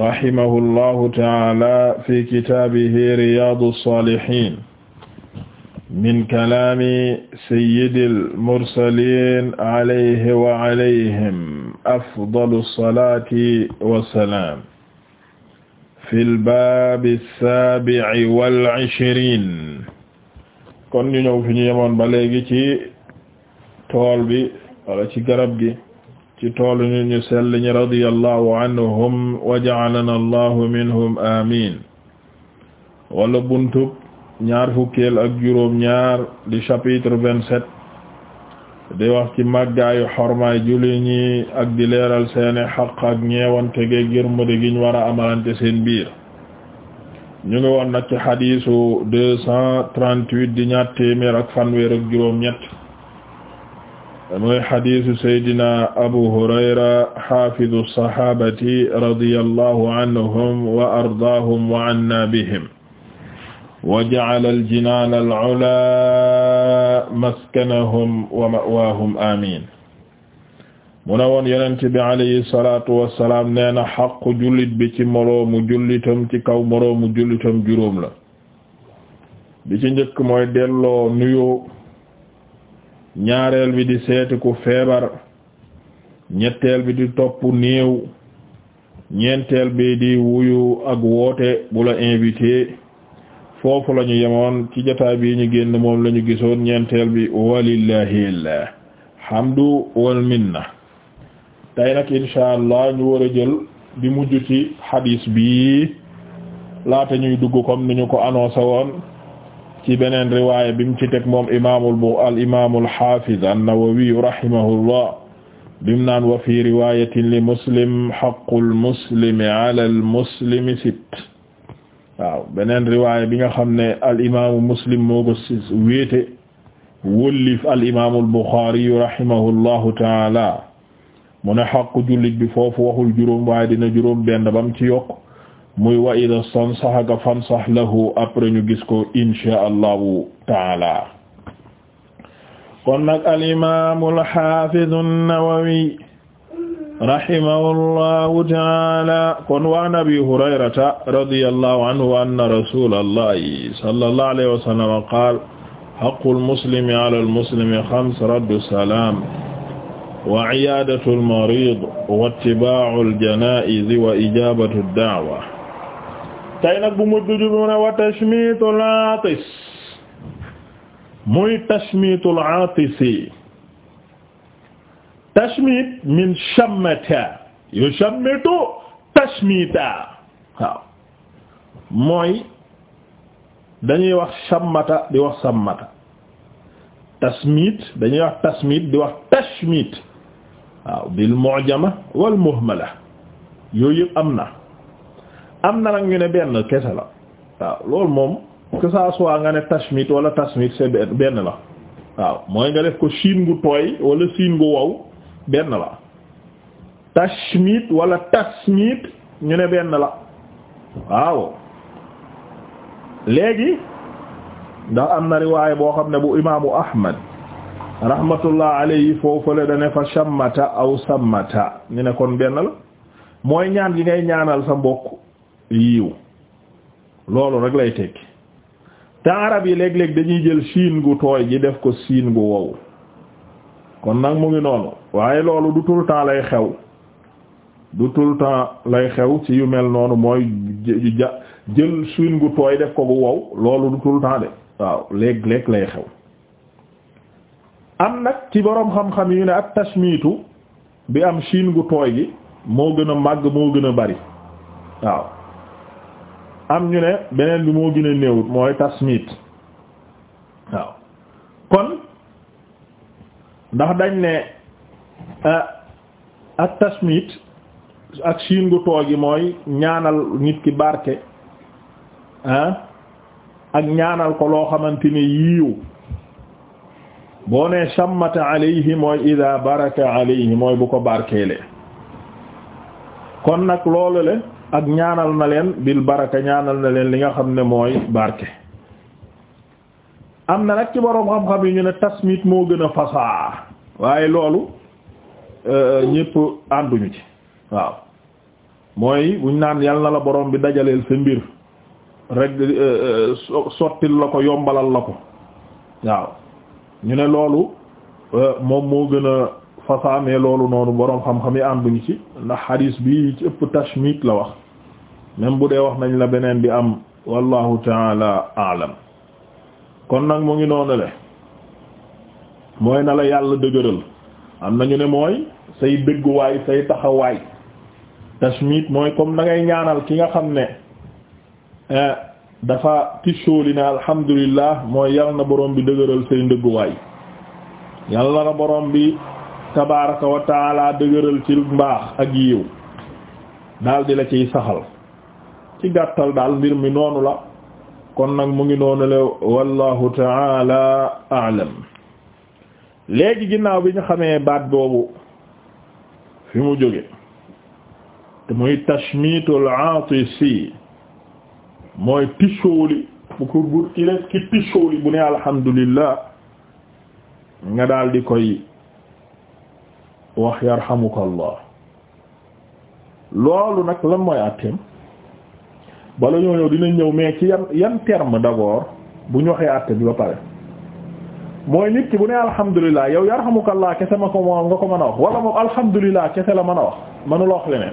rahimahullahu taala fi kitaabihi riyaadu saalihiin min kalaami sayyidil mursaliin alayhi wa alayhim afdalu salaati wa salaam fil baabi saabi'i wal ishriin kon ñu ñëw fi ñu yemoon ba léegi ci tool bi wala ci garab gi. ci tool ñu ñu sell ñi radiyallahu anhum wa ja'alana allahu minhum amin wala buntub ñaar fukkeel ak juróom ñaar di chapitre vingt-sept di wax ci màggaayu xormaay julli ñi ak di leeral seeni xaq ak ñeewante ge gi ñu war a amalante seen biir ñu ngi woon nag ci xadiisu di ñaar téeméer ak fanweer ak juróom ñett mooy xadiisu saydina abu hurayra xaafidu saxaabati radiyallahu anhum wa ardaahum wa anna bihim wa ja'ala al-jinaana al-'ulaa maskanahum wa ma'waahum amiin mu ne woon yonent bi alayhi salaatu wa salaam nee na xaqu jullit bi ci moroomu jullitam ci kaw moroomu jullitam juróom la bi ci njëkk mooy delloo nuyoo ñaareel bi di seeti ku feebar ñetteel bi di topp néew ñeenteel bi di wuyu ak woote bula la invité foofu lañu ñu yemoon ci jotaay bi ñu génn moom lañu gisoon ñeenteel bi walillahil hamdu wal minna tey nag insha allah ñu war a jël di mujj ci hadis bi laata ñuy dugg comme ni ko annoncé woon ci beneen riwaaya bi mu ci teg moom imaamul bu al imaamul haafiz an-Nawawi rahimahullah bim naan wa fi riwaayatin li muslim haqqul muslimi ala al muslimi sitt waaw beneen riwaaya bi nga xam ne al imaamu muslim moo ko si wéete wëllif al imaamul buxaari rahimahullahu taala mu ne xaqu jullit bi foofu waxul juróom waaye dina juróom benn bam ci yokk. muy wa ida stansahaka fansah lahu après ñu gis ko insha allahu taala kon nag alimamu alhafidu an-Nawawi rahimahullahu taala kon wa an abi hurayrata radiyallahu anhu anna rasulallahi sallallahu alayhi wa sallam qaala haqqul muslimi ala al-muslimi xams raddu salaam wa iyaadatu al-mariid wa ittibaa'u al-janaa'iz wa ijaabatu ad-da'wa tey nag bu mujj bi mu ne wa tashmitul aatis muy tashmitul aatisi tashmit min shammata yushammitu tashmita waaw mooy dañuy wax shammata di wax sammata tasmit dañuy wax tasmit di wax tashmit waaw bil mu'jama wal muhmala yooyu yëpp am na am na nag ñu ne benn kese la waaw loolu moom que ça nga ne tashmit wala tasmit la waaw mooy nga gu tooy wala siin gu wow la tashmit wala tasmit ñu ne benn la waaw léegi ndax am na riwaay boo xam ne bu imaamu Ahmad rahmatullah alayhi foofale dane fa shammata aw sammata ñu ne kon benn la mooy ñaan gi ngay ñaanal sa mbokk yiw loolu rek lay tekki te arab yi léeg-léeg dañuy jël siin gu tooy gi def ko siin gu wow kon nag mu ngi noonu waaye loolu du tout le lay xew du tout le temps lay xew ci yu mel noonu mooy ja jël siin gu tooy def ko gu wow loolu du tout de waaw léeg-léeg lay xew am nag ci boroom xam-xam yu ne ak tashmiitu bi am siin gu tooy gi moo gën a màgg moo gën a bari waaw am ñu ne beneen bi moo gën a néewut mooy tasmit waaw kon ndax dañ ne ak tasmit ak siin gu toogi mooy ñaanal nit ki barke ak ñaanal ko loo xamante ni yiiw boo ne shammata alayhi mooy ida baraka alayhi mooy bu ko barkeele kon nag loolu le ak ñaanal na leen bil baraka ñaanal na leen li nga xam ne mooy barke am na nag ci boroom xam-xam yi ñu ne tasmit moo gën a fasaa waaye loolu euh, ñépp ànduñu ci waaw mooy buñ naan yal la boroom bi dajaleel sa mbir rek euh, euh, la ko yombalal la ko waaw ñu ne loolu moom moo gën a fasaa mais loolu noonu boroom xam-xam yi ànduñu ci ndax hadis bi ci ëpp tashmit la wax même bu dee wax nañ la beneen bi am wallahu taala aalam kon nag mu ngi noonu le mooy na la yàlla dëgëral am nañu ne mooy say dëgguwaay say taxawaay tashmit mooy comme da ngay ñaanal ki nga xam ne eh, dafa tisóoli ne alhamdulillah mooy yàlla na borom bi dëgëral say ndëgguwaay yàlla na borom bi tabaraka wa dëgëral ci mbaax ak yiw daal di la ciy saxal ci gàttal daal mbir mi noonu la kon nag mu ngi noonu la wallahu taala aalam léegi ginnaaw bi ñu xamee baat boobu fi mu jóge te muy tashmitul aatisi mooy tisóoli bu ko gur ki rek ki tisóoli bu ne alhamdulillah nga daal di koy wax yarhamukallah loolu nag lan mooy àtteem bala ñoo ñëw dinañ ñëw mais ci yan yan terme d'abord bu ñu waxee àtte bi ba pare mooy nit ki bu ne alhamdulilah yow yarhamukallah kese ma ko moom nga ko mën a wax wala moom alhamdulilah kese la man a wax mënula wax leneen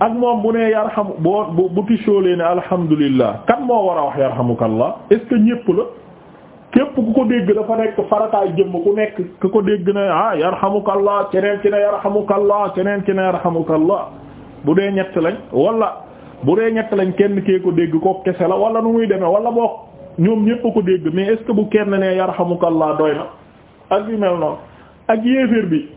ak moom bu ne yarham boo bu bu tisoolee ne alhamdulilah kan moo war a wax yarhamukallah est-ce que ñépp la képp ku ko dégg dafa nekk farataay jëmm ku nekk ku ko dégg na ah yarhamukallah keneen ki ne yarhamukallah keneen ki ne yarhamukallah bu dee ñett lañ bu dee ñett lañ kenn kee ko dégg ko kese la wala nu muy demee wala boog ñoom ñépp a ko dégg mais est bu kenn nee yarhamukallah doy na ak yu mel noonu ak yéeféer bi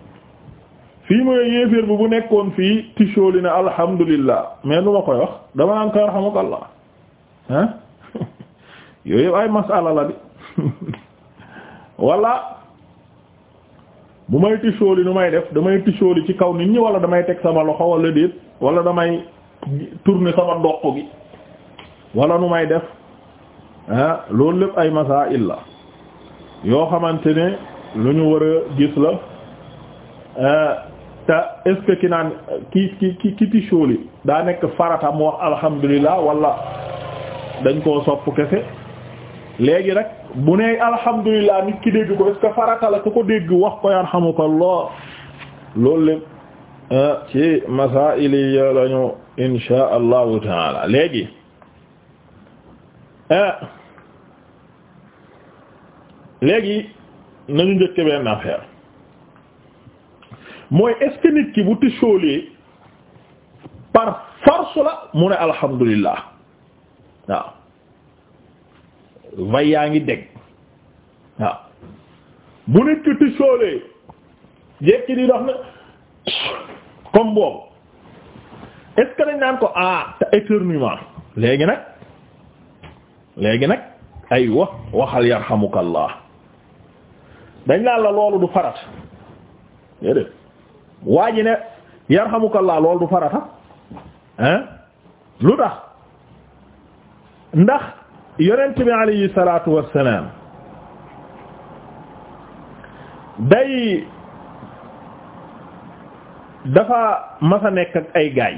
fii mooy yéeféer bi bu nekkoon fii tisoo li ne alhamdulillah mais lu ma koy wax dama naan ko yarhamukallah ah yooyu ay masala la bi wala bu may tisoo li nu may def damay tisoo li ci kaw nit ñi wala damay teg sama loxo wala déet wala damay. tourner sama doq gi wala nu may def ah, loolu lépp ay masaa'il la yoo xamante ne lu ñu war a gis la ah, te est ki naan ki ki ki ki daa nekk farata mu wax alhamdulilah wala dañ koo sopp kese léegi rek bu nee alhamdulilah nit ki dégg ko est farata la ku ko dégg wax ko yarhamukallah loolu lépp ah, ci masaa'il yi lañu insha allahu taala léegi eh, léegi nañu njëkk benn affaire mooy est ki bu tisoolee par force la mu ne alhamdulillah waaw vay yaa ngi dégg waaw bu nit ki tisoolee jekki di dox na comme boobu est dañ naan ko ah te éternuement léegi nag léegi nag ay wa waxal yarhamukallah dañ naan la loolu du farat déedéet waa ji ne yarhamukallah loolu du farata hein lu tax ndax yonent bi alayhi salaatu wassalaam day dafa masa nekk ak ay gaay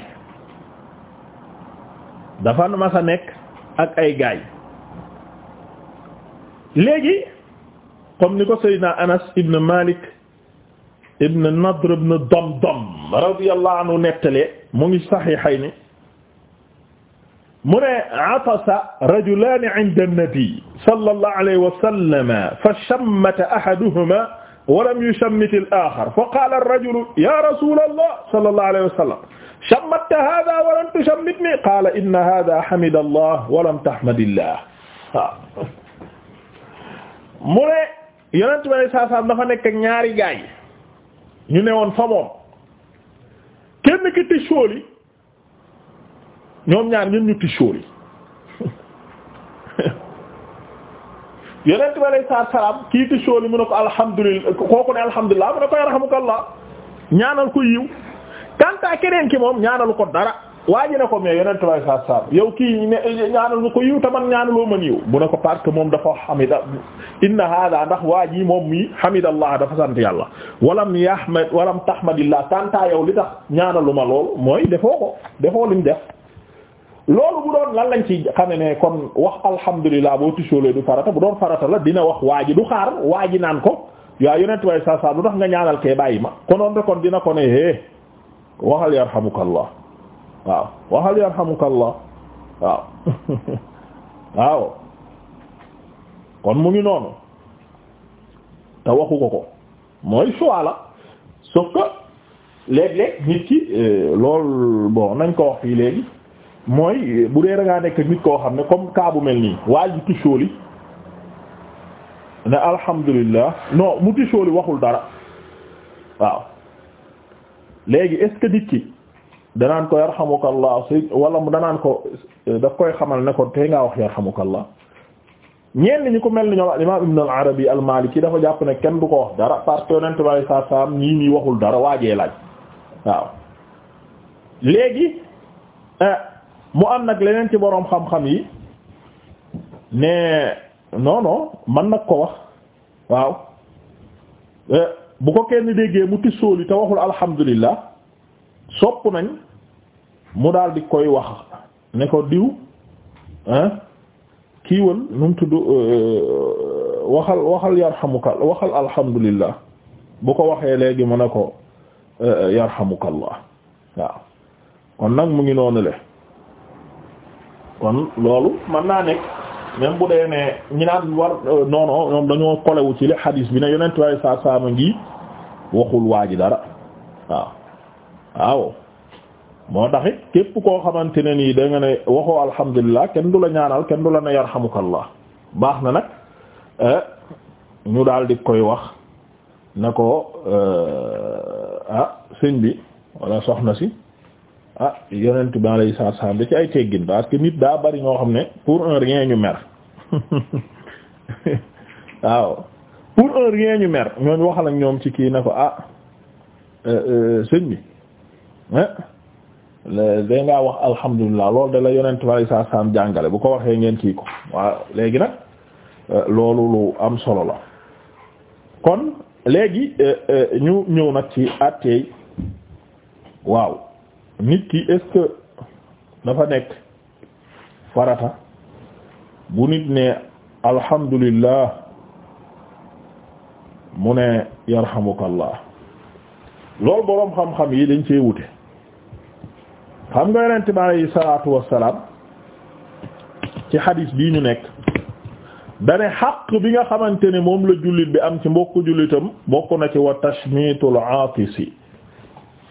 dafa mas a nekk ak ay gaay léegi comme ni ko Seydina Anas ibn Malik ibn Nadr ibn Damdam radiyallahu anhu nettalee mu ngi sahihayni mu ne atasa rajulaani inda an-nabi sallallahu alayhi wa sallam fa shammata ahaduhuma walam yushammit al-axar fa qaala ar-rajulu ya rasula allah sallallahu alayhi wa sallam shammatta hada walam tushammitni qaala inna hada hamida allah walam tahmadillah waaw mu ne yonent bi saa saa dafa nekk ak ñaari gaay ñu ne woon fa moom kenn ki tisóoli ñoom ñaar ñun ñu tisóoli yonent bi alayhi salaatu salaam kii ti shooli mu ne ko alhamdulillah kooku ne alhamdulillah mu ne ko yarhamukallah ñaanal ko yiw kanta keneen ki moom ñaanalu ko dara waa ji ne ko mais yonent bi alayhi salaatu salaam yow kii ne ñaanal ko yiw te man ñaanaloo man yiw mu ne ko parce que moom dafa hamida inna hada ndax waa ji moom mi hamidallah dafa sant yàlla walam yahmad walam tahmadillah kanta yow li tax ñaanalu ma lool mooy defoo ko defoo lim def loolu bu doon lan lañ ci xame ne kon wax alhamdulilah boo tisoolee du farata bu doon farata la dina wax waa ji du xaar waa ji naan ko yaa yonent way saa saa lu tax nga ñaanal kee bàyyi ma konoon rek kon dina ko ne hee waxal yarhamukallah waaw waxal yarhamukallah waaw waaw kon mu ngi noonu te waxu ko ko mooy choix la sauf que léeg-léeg nit ki euh, loolu bon nañ ko wax fii léegi mooy bu dee da nekk nit koo xam ne comme cas bu mel nii waa ji tisóoli ne alhamdulilah non mu tisóoli waxul dara waaw léegi est ce que nit ki danaan ko yarhamukallah wala mu danaan ko daf koy xamal ne ko tey ngaa wax yarhamukallah ñeen ñi ko mel ni ñoom al imam ibn al arabi al maliki dafa jàpp ne kenn du ko wax dara parce que yonent bi sallallahu alayhi wasallam ñii nii waxul dara waajee laaj waaw léegi. Eh, mu am nag leneen ci boroom xam-xam yi ne non man nag ko wax waaw eh, bu ko kenn déggee mu tissool yi te waxul alhamdulillah sopp nañ mu daal di koy wax ne ko diw ah kiiwal nu mu tudd eh, waxal waxal yarhamuka waxal alhamdulillah bu ko waxee léegi mu ne ko eh, yarhamukallah waaw kon nag mu ngi noonu le kon loolu mën naa nekk même bu dee ne ñi naan war euh, non non dañoo kolewu ci li xadiis bi ne yonent waaye saa saama ngi waxul waa ji dara waaw waaw moo taxit képp koo xamante ne nii da nga ne waxoo alhamdulilah kenn du la ñaanal kenn du la ne yarhamukallah baax na nag euh, ñu daal di koy wax ne ko euh, ah sëñ bi wala soxna si ah yonent bi alayhi salaatu salaam da ci ay teggin parce que nit daa bari ñoo xam ne pour un rien ñu mer waaw pour un rien ñu mer ñooñu waxal ak ñoom ci kii na ko ah euh, euh, sëñ bi day ngaa wax alhamdulilah loolu da la yonent bi alayhi salaatu salaam jàngale bu ko waxee ngeen kii ko waaw léegi nag euh, loolu lu am solo la kon léegi ñu ñëw nag ci àtteey waaw nit ki est dafa nekk farata bu nit ne alhamdulillah mu ne yarhamukallah loolu boroom xam-xam yi dañ cee wute xam nga yonent bi alayhi salaatu wassalaam ci xadiis bii ñu nekk dane xaq bi nga xamante ne moom la jullit bi am ci mbokku jullitam bokk na ci wa tashmitul aatisi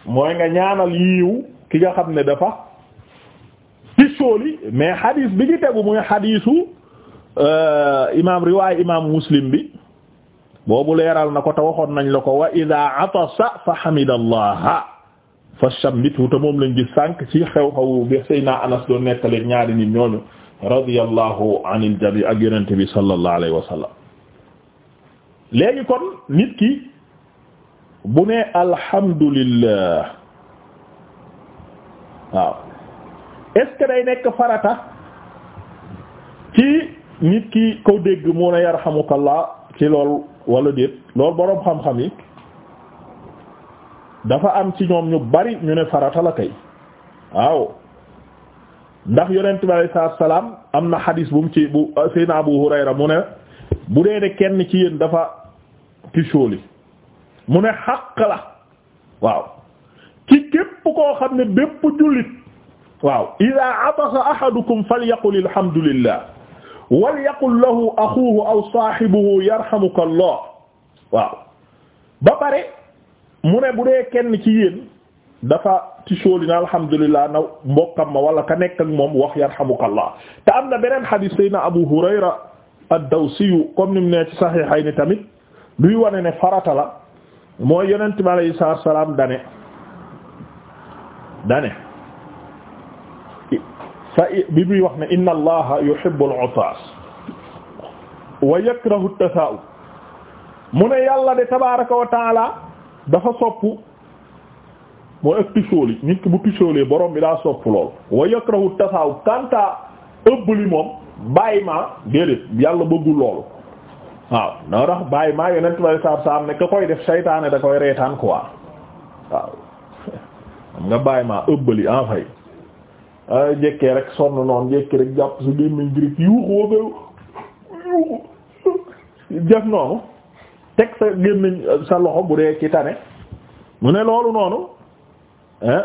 mooy nga ñaanal yiiw ki nga xam ne dafa tisóoli mais xadiis bi ci tegu muy xadiisu euh, imaam riwaay imaam muslim bi boobu leeral na ko te waxoon nañ la ko wa ida atasa fa xamidallaha fa shammithu te moom lañ gis sànq si xew-xew bi na Anas doon nettali ñaari nit ñooñu radiyallahu anil ak yonent bi sallallahu alayhi wa sallam léegi kon nit bu ne alhamdulillah waaw est-ce que day nekk farata ci nit ki ko dégg mu ne yarhamukallah ci lool walla déet loolu boroom xam-xam yi dafa am ci ñoom ñu bari ñu ne farata la kay waaw ndax yonent bi alayhi salaam am na xadiis bu mu ci bu Seydina Abu Hurayra mu ne bu dee ne kenn ci yéen dafa ci mu ne xaq la waaw ci képp koo xam ne bépp jullit waaw ida atasa ahadukum falyaqul alhamdulillah walyaqul lahu axuhu aw saahibuhu yarhamuka allah waaw ba pare mu ne bu dee kenn ci yéen dafa ci sóoli na alhamdulillah na mbokkam ma wala ka nekk ak moom wax yarhamuka allah te am na beneen xadis sayna abu hurayra ad-dawsi comme ni mu ne ci saxiixayni tamit luy wane ne farata la mooy yonent bi alayhi salaatu wa salaam dane dane fa bi muy wax ne inna allaha yuhibbul utaas wa yakrahu tasaa'ub mu ne yàlla de tabaaraka wa taala dafa sopp mooy ak tisooli nit ki bu tisoolee borom bi daa sopp lool wa yakrahu tasaa'ub kanta ëbb li moom bàyyi ma déedéet yàlla bëggul loolu waaw noo tax bàyyi maa yonent bay saab saab ne ka koy def saytaane da koy reetaan quoi waaw xam nga bàyyi maa ëbbali en fay jekkee rek sonn noonu jekkee rek jàpp su gémmiñ gi rek yuuxu woo ko yuuxu jëf noonu teg sa gémmiñ sa loxo bu dee ci tane mu ne loolu noonu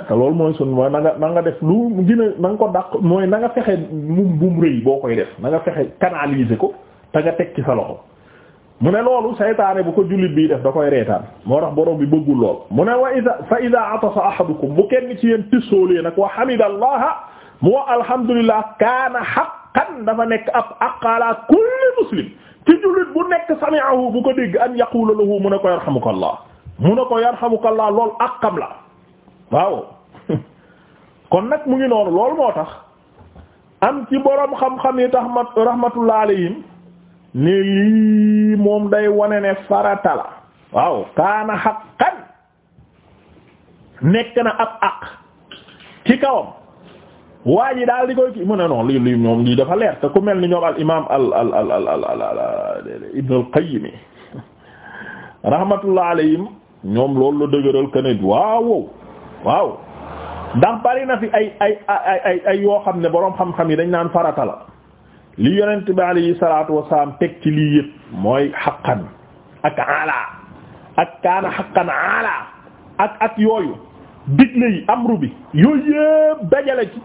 te loolu mooy sun mooy na nga na nga def lu gën a ko dàq mooy na nga fexe mum bu rëy boo koy def na nga fexe canaliser ko te nga teg ci sa loxo mu ne loolu saytaane bu ko jullit bii def da koy reetaan moo tax borom bi bëggul lool mu ne wa ida fa ida atasa ahadukum bu kenn ci yéen tissoolee nag wa hamidallaha mu wax alhamdulillah kaana haqqan dafa nekk ab aqala kulli muslim ci jullit bu nekk sami'ahu bu ko dégg an yaqula lahu mu ne ko yarhamukallah mu ne ko yarhamukallah lool aqam la waaw kon nag mu ngi noonu loolu moo tax am ci borom xam-xam yi tax rahmatullah alayhim ne lii moom day wone ne farata waaw kaana haqqan nekk na ab aq ci kawam waa ji daal di koy kii mu ne noon lii lii moom lii dafa leer te ku mel ni ñoom al imaam al al al al al al Ibn al Qayyim rahmatullah alayhim ñoom loolu la dëgëral que ne waaw waaw ndax bari na fi ay ay ay ay yoo xam ne boroom xam-xam yi dañ naan farata li yonent bi alayhi salaatu wasalaam teg ci lii yëpp mooy xaqan ak ala ak kaana xaqan ala ak ak yooyu digle yi amru bi yooyu yëpp dajale ci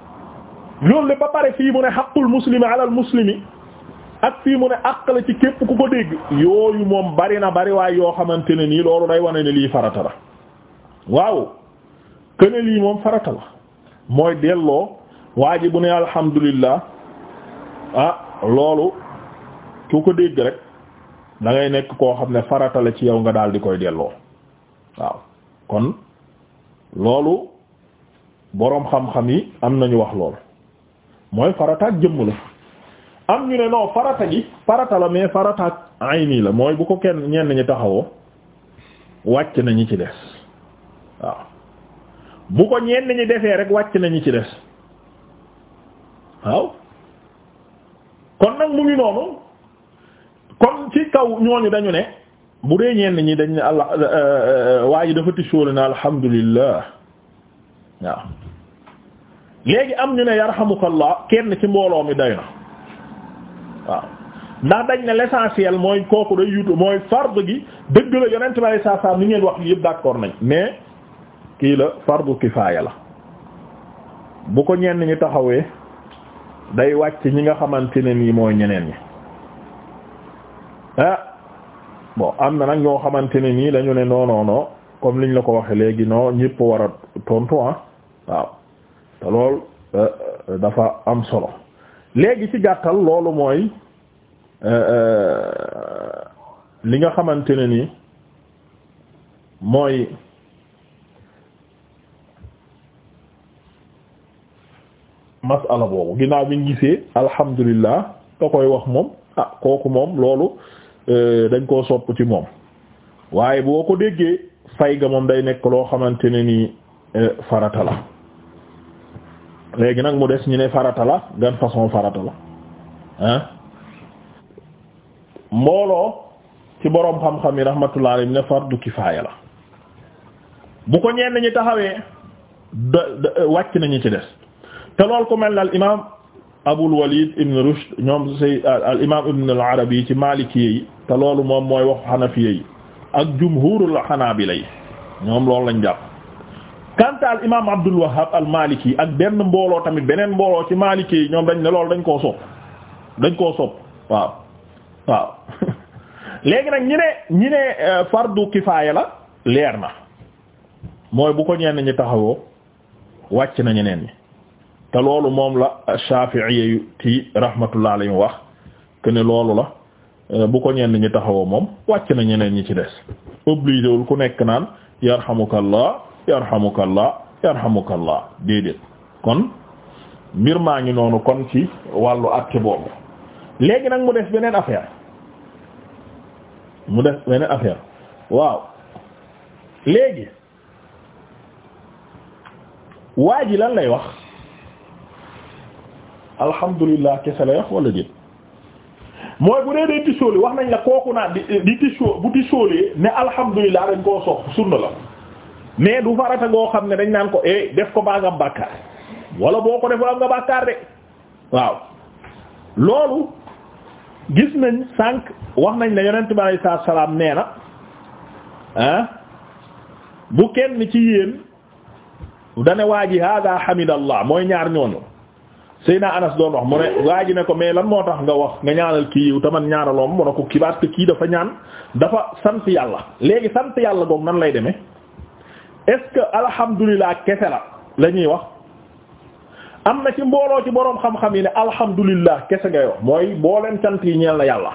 loolu le ba pare fii mu ne xaqul muslimi ak fii mu ne ci képp ku ko dégg yooyu moom bari na bari waaye yoo xamante ne nii loolu day wane ne lii farata la waaw këne lii moom farata la mooy delloo waa ji bu ne alhamdulillah ah loolu ku ko dégg rek da ngay nekk koo xam ne farata la ci yow nga daal di koy delloo waaw kon loolu boroom xam-xam yi am nañu wax lool mooy farataak jëmm la am ñu ne non farata gi farata la mais farataak ayni la mooy bu ko kenn ñenn ñi taxawoo wàcc na ñi ci des waaw bu ko ñenn ñi defee rek wàcc na ñi ci des waaw kon nag mu ngi noonu kon ci kaw ñooñu dañu ne bu dee ñenn ñi dañ ne allah euh, euh, waa ji dafa tisóoli na alhamdulillah waaw léegi am ñu ne yarhamukallah kenn ci mbooloo mi day na waaw ndax dañ ne l'essentiel mooy kooku day yutu mooy fard gi dëgg la yonent bi saa saa ni ngeen wax yëpp d'accord nañ mais kii la fardu kifaaya la bu ko ñenn ñi taxawee day wàcc ñi nga xamante ne nii mooy ñeneen ñi ah bon am na nag ñoo xamante ne nii dañu ne non non non comme liñ la ko waxee léegi non ñëpp war a tontu ah waaw te lool euh, euh, dafa am solo léegi ci gàttal loolu mooy euh, li nga xamante ne nii mooy. masala boobu ginnaaw bi ñu gisee alhamdulilah ka koy wax moom ah kooku moom loolu euh, dañ koo sopp ci moom waaye boo ko déggee fay ga moom day nekk loo xamante ne ni euh, farata la léegi nag mu des ñu ne farata la gan façon farata la ah mbooloo ci boroom xam-xam yi rahmatullah alayhi ne fardu kifaaya la bu ko ñenn ñi taxawee da wàcc nañu ci des te lool ku mel ne al imaam Abul Walid ibn Rushd ñoom say al imaam ibn al Arabi ci maaliki yi te loolu moom mooy wax Hanafiyya yi ak jumhuurul Hanaabila yi ñoom loolu lañ jàpp. quant al imaam Abdul Wahhab al Maliki ak benn mbooloo tamit beneen mbooloo ci maaliki yi ñoom dañ ne lool dañ koo sopp dañ koo sopp waaw waaw léegi nag ñi ne ñi ne euh, fardu kifaaya la leer na mooy bu ko ñenn ñi taxawoo wàcc na ñeneen ñi. te loolu moom la Shafi'i ci rahmatullah alayhi wax que ne loolu la euh, bu ko ñenn ñi taxawoo moom wàcc na ñeneen ñi ci des obligé wul ku nekk naan yarhamukallah yarhamukallah yarhamukallah déedéet kon mbir maa ngi noonu kon ci wàllu àtte boobu léegi nag mu def beneen affaire mu def beneen affaire waaw léegi waa ji lan lay wax. alhamdulilah kese la wala déet mooy bu dee dee tisóoli wax nañ la kooku naa di di tisoo bu tisóolee ne alhamdulilah dañ koo sox sunna la mais du farata goo xam ne dañ naan ko eh, def ko baa nga bàkkaar wala boo ko defee am nga bàkkaar de waaw loolu gis nañ sànq wax nañ la yonent bi alayhi salaam nee na ah bu kenn ci yéen dane waa ji hada hamidallah mooy ñaar ñooñu. Seyna Anas doon wax mu ne waa ji ne ko mais lan moo tax nga wax nga ñaanal kii yiw taman ñaanaloom mu ne ko kii kii dafa ñaan dafa sant yàlla léegi sant yàlla goog nan lay demee est-ce que alhamdulilah kese la la ñuy wax am na ci mbooloo ci boroom xam-xam yi ne alhamdulilah kese ngay wax mooy booleen sant yi ñeel na yàlla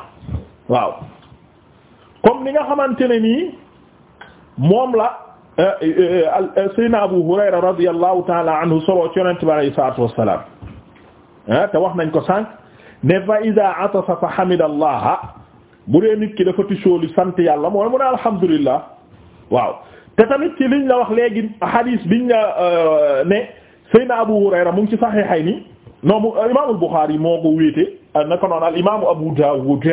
waaw comme ni nga xamante ne nii moom la euh, euh, euh, Seyna Abu Hurayra radiyallahu taala anhu solo ci yonent bi alayhi salaatu wassalaam Ah, te wax nañ ko sànq ne fa ida atafa fa hamidallaha bu dee nit ki dafa tisooli sant yàlla mooy mu ne alhamdulillah waaw te tamit ci liñ la wax léegi hadis biñ la euh, ne Seydina Abu Hurayra mu ngi ci Sahihayni non mu euh, imaamul Bukhari moo ko wéete euh, naka noonu al imaamu Abu Dawud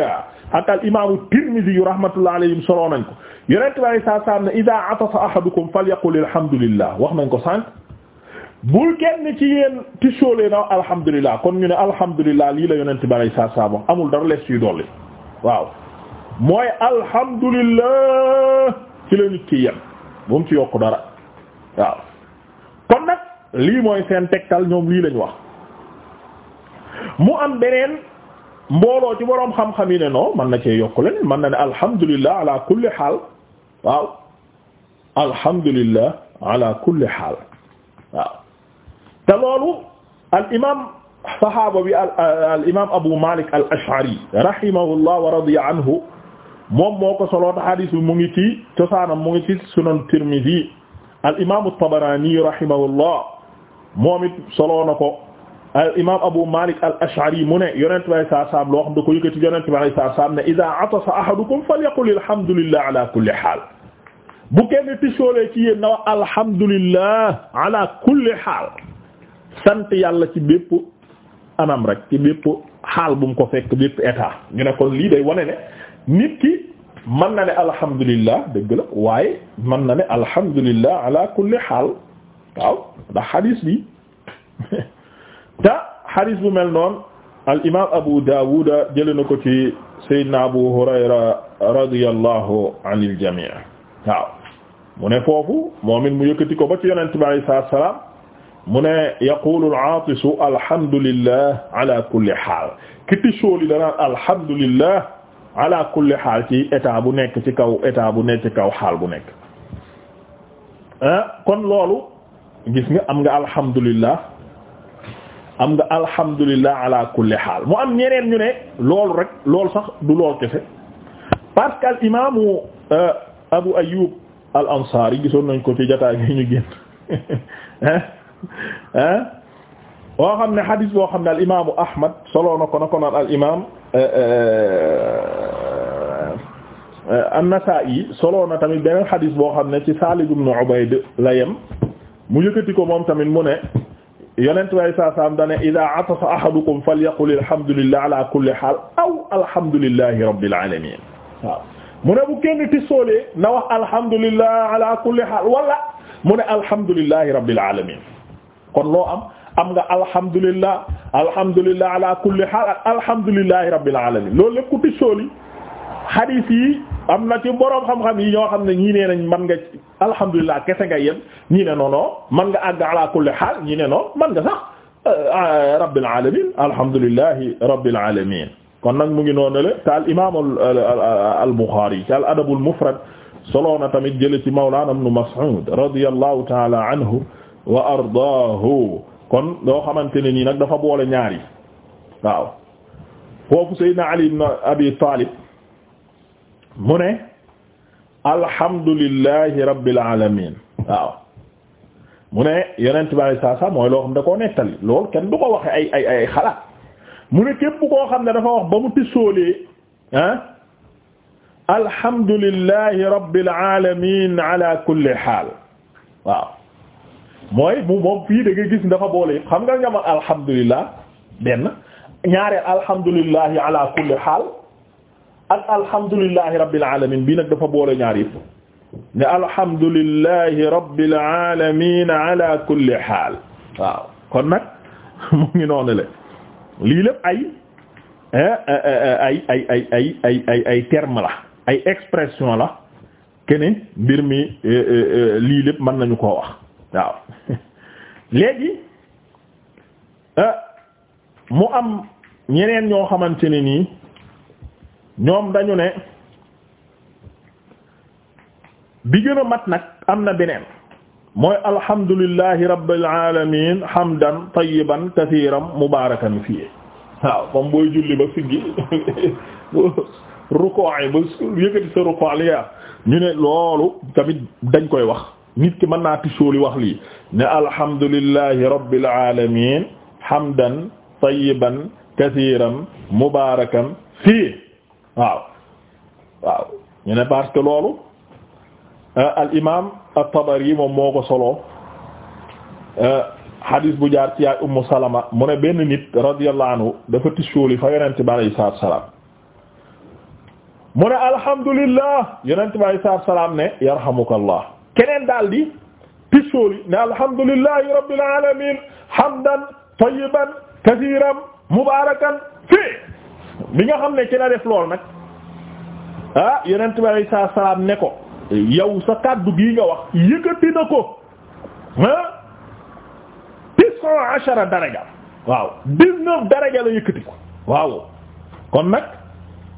ak al imaamu Tirmidhi yu rahmatullah alayhim solo nañ ko yonent bi sallallahu alayhi wasallam ne ida atafa ahadukum falyaqul alhamdulillah wax nañ ko sànq bul kenn ci yéen tisoolee na alhamdulilah kon ñu ne alhamdulilah lii la yonent balay saa saa moom amul dara lees yu dolli waaw mooy alhamdulilah ci la nit ki yem bu mu ci yokk dara waaw kon nag lii mooy seen tegtal ñoom lii lañ wax mu am beneen mbooloo ci boroom xam-xam yi ne non mën na cee yokk leen mën na ne alhamdulilah ala kulli xaal waaw alhamdulilah ala kulli xaal. te loolu al imaam saxaaba bi al al imaam Abu Malik al Ash'ari rahimahullah wa radiya anhu moom moo ko solo te xadiis bi mu ngi ci cosaanam mu ngi ci sunan Tirmidhi al imaam at-Tabarani rahimahullah moom it solo na ko al imaam Abu Malik al Ash'ari mu ne yonent bi saa saam loo xam da ko yëkkati yonent bi saa saam ne iza atasa ahadukum falyaqul alhamdulillah ala kulli haal bu kenn tisoolee ci yéen na wax alhamdulillah ala kulli haal. sant yàlla ci bépp anam rek ci bépp xaal bu mu ko fekk bépp état ñu ne kon lii day wane ne nit ki na ne alhamdulillah dëgg la waaye mën na ne alhamdulillah ala kulli xaal waaw ndax xadiis bi te xadiis bu mel noon al imaam Abu Dawud jëlee na ko ci Seydina Abu Hurayra radiyallahu anil jamii waaw mu ne foofu moom it mu ko ba ci yonent bi alayhi salaam mu ne yaqulu al-aatisu alhamdulillah ala kulli xaal ki tisoo li danaan alhamdulillah kulli xaal ci état bu nekk ci kaw état bu nekk ci kaw xaal bu nekk ah, kon loolu gis nga am nga alhamdulillah am nga alhamdulillah ala kulli xaal mu am ñeneen ñu ne loolu rek loolu sax du lool kese parce al imaamu euh, Abu Ayyub al-Ansari gisoon nañ ko ci jotaay bi ñu génn ah, ah boo xam ne hadis boo xam ne al imaamu Ahmad solo na ko na ko naan al imaam euh, euh, euh, an-Nasaa'i solo na tamit beneen hadis boo xam ne ci Saalib ibn Ubayd la yem mu yëkkati ko moom tamit mu ne yonent way saa saam dane idaa atafa ahadukum falyaqul alhamdulillah ala kulli haal aw alhamdulillahi rabbil alamin waaw mu ne bu kenn tisoolee na wax alhamdulillah ala kulli haal wala mu ne alhamdulillahi rabbil alamin kon loo am am nga alhamdulillah alhamdulillah ala kulli haal ak alhamdulillahi rabbil alamin loolu lépp ku ticcoo li hadith yi am na ci boroom xam-xam yi ñoo xam ne ñii nee nañ man nga alhamdulillah kese nga yem ñii ne noonoo man nga àgg ala kulli haal ñii ne noon man nga sax euh, ah, rabbil alamin alhamdulillahi rabbil alamin kon nag mu ngi noonu le te al imam al Bukhari ci al adabul mufrad solo na tamit jële ci mawlana ibn Mas'ud radiyallahu ta'ala anhu wa ardaahu kon loo xamante ne nii nag dafa boole ñaar yi waaw foofu Seydina Ali ibn Abi Talib mu ne alhamdulillahi rabbil alamin waaw mu ne yonent bi alei saa mooy loo xam da koo nettali loolu kenn du ko waxe ay ay ay mu ne képp koo xam ne dafa wax ba mu tisoolee ah alhamdulillahi rabbil alamin ala kulli xaal waaw mooy mu moom fii da nga gis dafa boole yëpp xam nga ñamal alhamdulilah benn ñaareel alhamdulilahi ala kulli xaal ak alhamdulilahi rabbil bii nag dafa boole ñaari yëpp ne alhamdulilahi rabbil alamin ala kulli xaal waaw kon nag mu ngi noonu le lii lépp ay eh, eh, eh, ay ay ay la ay expression la kene mbir mi lii lépp mën nañu ko wax waaw léegi euh, mu am ñeneen ñoo xamante ne nii ñoom dañu ne bi gën a mat nag am na beneen mooy alhamdulillahi rabbil alamin hamdan tayyiban kathiran mubarakan fii waaw comme booy julli ba siggi ruku' ba yëkkati sa ruku' li ñu ne loolu tamit dañ koy wax nit ki naat naa tisóoli wax lii ne alhamdulillahi rabbil alamin hamdan tayyiban kathiran mubarakan fii waaw waaw ñu ne parce que loolu euh, al imam at-Tabari moom moo ko soloo euh, hadis bu jaar ci yaay Ummu Salama mu ne benn nit radiyallahu anhu dafa tisóoli fa yonente bi alayhi salaatu salaam mu ne alhamdulillah yonente bi alayhi salaatu salaam ne yarhamukallah keneen daal di pistooli ne alhamdulillahi rabbil alamin hamdan tayyiban kathiran mubarakan fi bi nga xam ne ci la def lool nag ah yonent bi salaam ne ko yow sa kàddu gii nga wax yëkkati na ko ah tis'a ashara daraja waaw dix-neuf daraja la ko waaw kon nag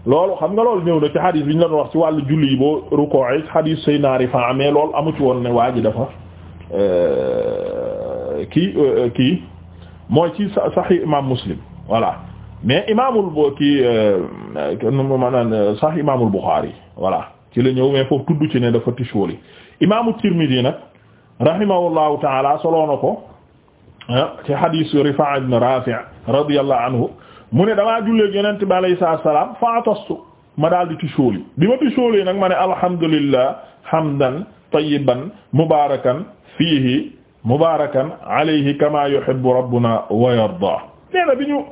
loolu xam nga loolu ñëw na ci xadis bi ñu la doon wax ci wàllu julli yi boo rukkoo yi xadis say naari fa loolu amu ci woon ne waa ji dafa euh, kii euh, kii mooy ci sahih imam muslim voilà mais imaamul bo kii euh, maanaam sahih imaamul buxaari voilà ci la ñëw mais foofu tudd ci ne dafa tisóoli imaamu tirmidi nag rahimahullahu taala soloo na ko ah, ci xadis rifaa ibn rafi' radiyallahu anhu mu ne damaa julleeg yonent bi alayhi salaam fa atastu ma daal di tisóoli bi ma tisóoli nag ma ne alhamdulillah hamdan tayyiban mubaarakan fiihi mubaarakan alayhi kama yuhibbu rabbuna wa yarda nee na bi ñu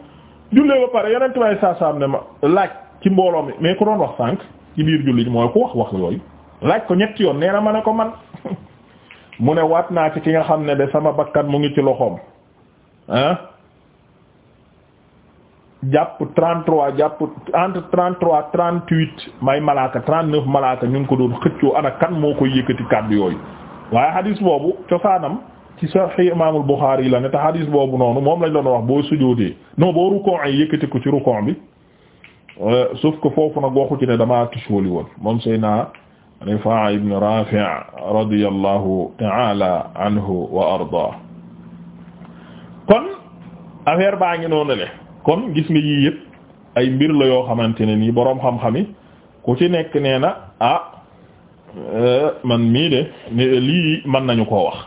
jullee ba pare yonent bi alayhi salaam ne ma laaj ci mbooloo mi mais ko doon wax sànq ci biir julli mooy ku wax wax yooyu laaj ko ñetti yoon nee na ma ne ko man mu ne waat naa ci ki nga xam ne de sama bakkan mu ngi ci loxoom ah jàpp 33 jàpp entre 33 38 may malaaka 39 malaaka ñu ngi ko doon xëccoo ana kan moo koy yëkkati kàddu yooyu waaye hadis boobu cosaanam ci sahih imaamul Buxaari la ne te hadis boobu noonu moom lañ doon wax boo sujoodee non boo rukkoo ay yëkkati ko ci rukkoo bi euh, sauf que foofu nag waxu ci ne damaa tisóoli woon moom Seydina Rifaa ibn Raafi' radiyallahu ta'ala anhu wa ardaa kon affaire baa ngi noonu le kon gis nga yii yëpp ay mbir la yoo xamante ne nii boroom xam-xam yi ku ci nekk nee na ah euh, man mii de lii mën nañu ko wax